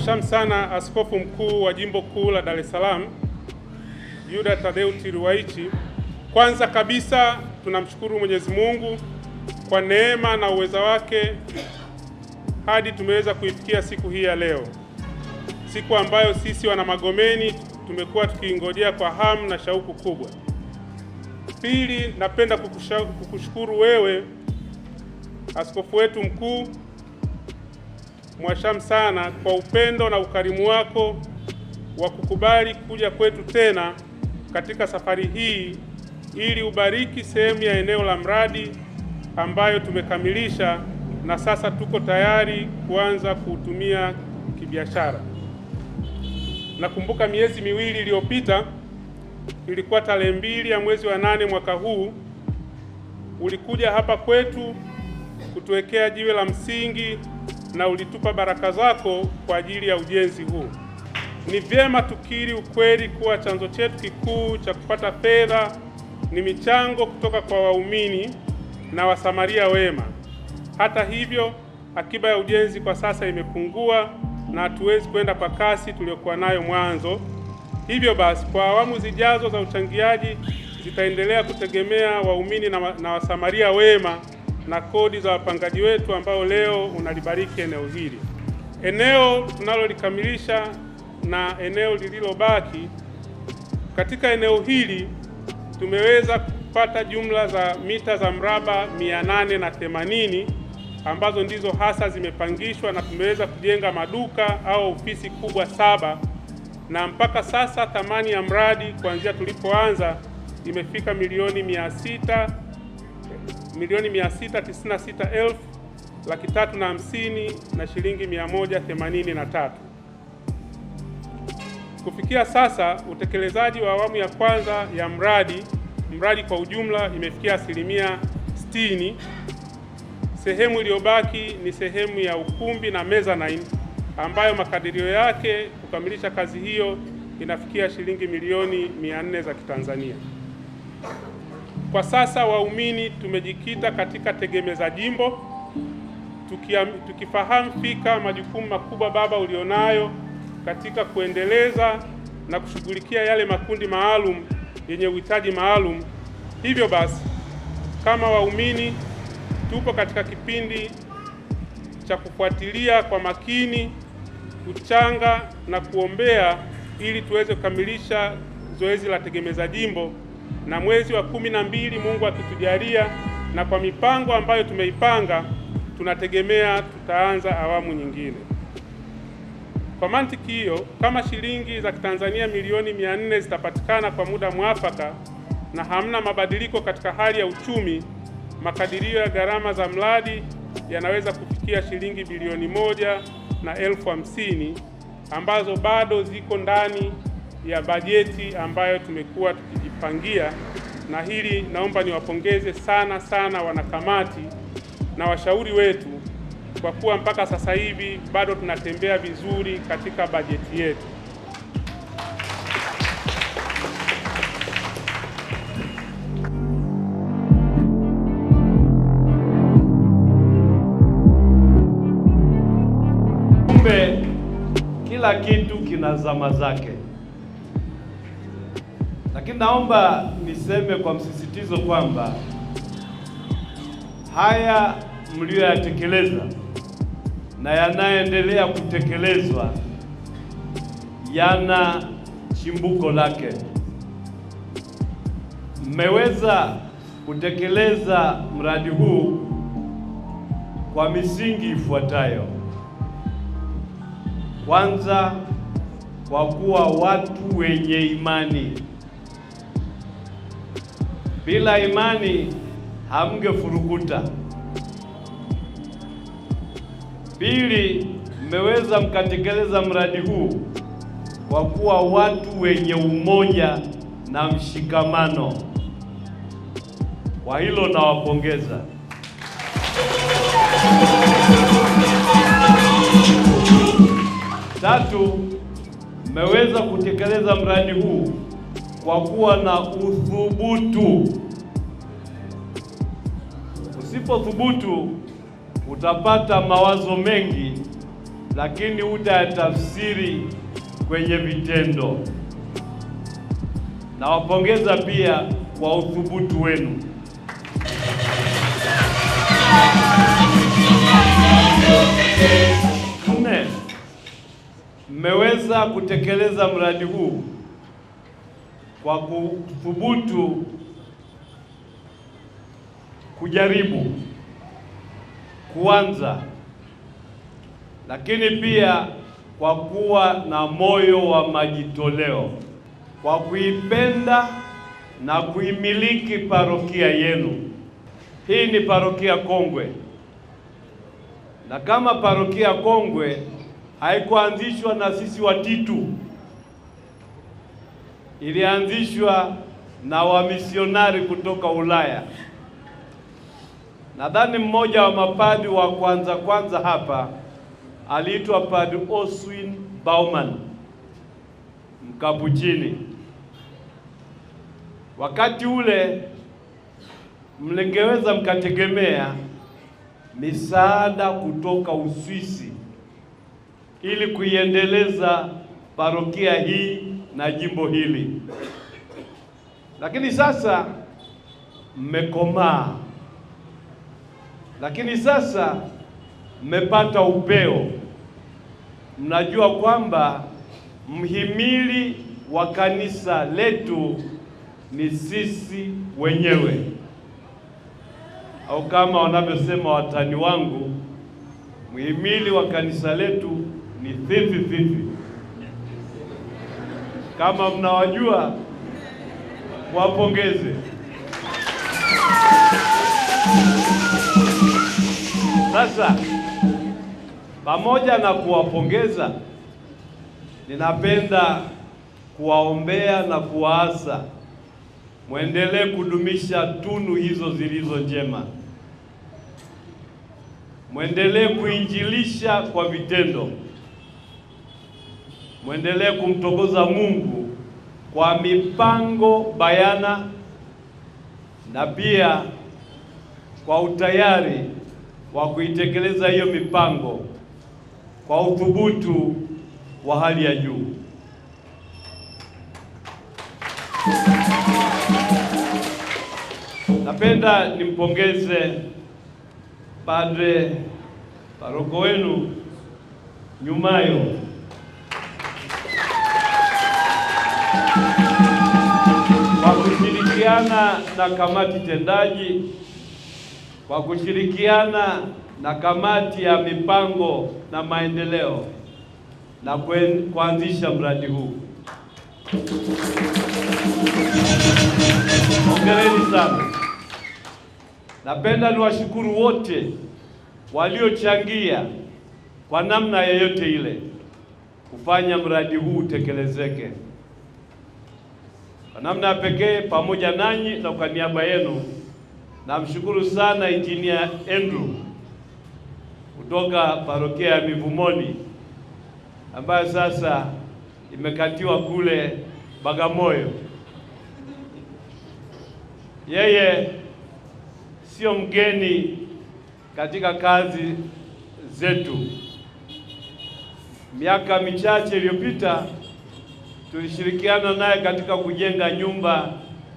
Mwashamu sana Askofu Mkuu wa Jimbo Kuu la Dar es Salaam Yuda Tadeu Tiriwaichi. Kwanza kabisa tunamshukuru Mwenyezi Mungu kwa neema na uweza wake hadi tumeweza kuifikia siku hii ya leo, siku ambayo sisi wana Magomeni tumekuwa tukiingojea kwa hamu na shauku kubwa. Pili, napenda kukushukuru wewe askofu wetu mkuu mwasham sana kwa upendo na ukarimu wako wa kukubali kuja kwetu tena katika safari hii ili ubariki sehemu ya eneo la mradi ambayo tumekamilisha na sasa tuko tayari kuanza kuutumia kibiashara. Nakumbuka miezi miwili iliyopita, ilikuwa tarehe mbili ya mwezi wa nane mwaka huu, ulikuja hapa kwetu kutuwekea jiwe la msingi na ulitupa baraka zako kwa ajili ya ujenzi huu. Ni vyema tukiri ukweli kuwa chanzo chetu kikuu cha kupata fedha ni michango kutoka kwa waumini na wasamaria wema. Hata hivyo, akiba ya ujenzi kwa sasa imepungua na hatuwezi kwenda kwa kasi tuliyokuwa nayo mwanzo. Hivyo basi, kwa awamu zijazo za uchangiaji zitaendelea kutegemea waumini na wasamaria wema na kodi za wapangaji wetu ambao leo unalibariki eneo hili. Eneo tunalolikamilisha na eneo lililobaki katika eneo hili tumeweza kupata jumla za mita za mraba 880 ambazo ndizo hasa zimepangishwa na tumeweza kujenga maduka au ofisi kubwa saba, na mpaka sasa thamani ya mradi kuanzia tulipoanza imefika milioni mia sita milioni 696 laki tatu na hamsini na shilingi 183. Kufikia sasa utekelezaji wa awamu ya kwanza ya mradi mradi kwa ujumla imefikia asilimia 60. Sehemu iliyobaki ni sehemu ya ukumbi na mezzanine ambayo makadirio yake kukamilisha kazi hiyo inafikia shilingi milioni 400 za Kitanzania. Kwa sasa waumini tumejikita katika tegemeza jimbo, tukifahamu fika majukumu makubwa Baba ulionayo katika kuendeleza na kushughulikia yale makundi maalum yenye uhitaji maalum. Hivyo basi, kama waumini tupo katika kipindi cha kufuatilia kwa makini, kuchanga na kuombea ili tuweze kukamilisha zoezi la tegemeza jimbo na mwezi wa kumi na mbili Mungu akitujalia na kwa mipango ambayo tumeipanga tunategemea tutaanza awamu nyingine. Kwa mantiki hiyo, kama shilingi za Kitanzania milioni mia nne zitapatikana kwa muda mwafaka na hamna mabadiliko katika hali ya uchumi, makadirio ya gharama za mradi yanaweza kufikia shilingi bilioni moja na elfu hamsini ambazo bado ziko ndani ya bajeti ambayo tumekuwa tukijipangia, na hili naomba niwapongeze sana sana wanakamati na washauri wetu kwa kuwa mpaka sasa hivi bado tunatembea vizuri katika bajeti yetu. Kumbe kila kitu kina zama zake. Lakini naomba niseme kwa msisitizo kwamba haya mliyoyatekeleza na yanayoendelea kutekelezwa yana chimbuko lake. Mmeweza kutekeleza mradi huu kwa misingi ifuatayo. Kwanza, kwa kuwa watu wenye imani bila imani hamngefurukuta. Pili, mmeweza mkatekeleza mradi huu kwa kuwa watu wenye umoja na mshikamano. Kwa hilo nawapongeza. Tatu, mmeweza kutekeleza mradi huu kwa kuwa na uthubutu Usipothubutu utapata mawazo mengi, lakini utayatafsiri kwenye vitendo. Nawapongeza pia kwa uthubutu wenu. Nne, mmeweza kutekeleza mradi huu kwa kuthubutu kujaribu kuanza, lakini pia kwa kuwa na moyo wa majitoleo kwa kuipenda na kuimiliki parokia yenu. Hii ni parokia kongwe, na kama parokia kongwe haikuanzishwa na sisi watitu, ilianzishwa na wamisionari kutoka Ulaya. Nadhani mmoja wa mapadi wa kwanza kwanza hapa aliitwa Padre Oswin Bauman Mkapuchini. Wakati ule mlingeweza mkategemea misaada kutoka Uswisi ili kuiendeleza parokia hii na jimbo hili, lakini sasa mmekomaa. Lakini sasa mmepata upeo, mnajua kwamba mhimili wa kanisa letu ni sisi wenyewe, au kama wanavyosema watani wangu, mhimili wa kanisa letu ni thithi thithi. Kama mnawajua wapongeze. Sasa pamoja na kuwapongeza, ninapenda kuwaombea na kuwaasa mwendelee kudumisha tunu hizo zilizo njema, mwendelee kuinjilisha kwa vitendo, mwendelee kumtogoza Mungu kwa mipango bayana na pia kwa utayari wa kuitekeleza hiyo mipango kwa uthubutu wa hali ya juu. Napenda nimpongeze padre paroko wenu Nyumayo kwa kushirikiana na kamati tendaji kwa kushirikiana na kamati ya mipango na maendeleo na kuanzisha mradi huu. Hongereni sana. Napenda niwashukuru wote waliochangia kwa namna yoyote ile kufanya mradi huu utekelezeke. Kwa namna ya pekee, pamoja nanyi na kwa niaba yenu Namshukuru sana Injinia Andrew kutoka parokia ya Mivumoni ambayo sasa imekatiwa kule Bagamoyo. Yeye sio mgeni katika kazi zetu. Miaka michache iliyopita tulishirikiana naye katika kujenga nyumba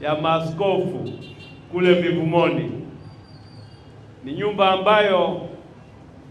ya maaskofu kule Mivumoni. Ni nyumba ambayo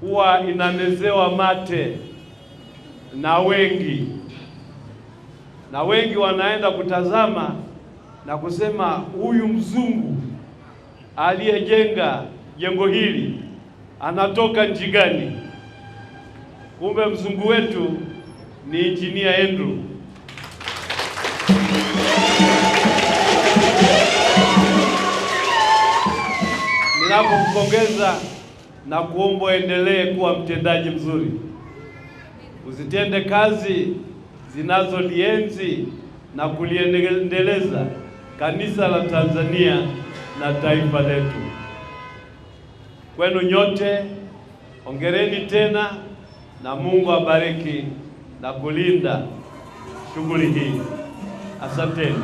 huwa inamezewa mate na wengi, na wengi wanaenda kutazama na kusema huyu mzungu aliyejenga jengo hili anatoka nchi gani? Kumbe mzungu wetu ni injinia Andrew. tunapompongeza na kuomba endelee kuwa mtendaji mzuri, uzitende kazi zinazolienzi na kuliendeleza kanisa la Tanzania na taifa letu. Kwenu nyote ongereni tena, na Mungu abariki na kulinda shughuli hii. Asanteni.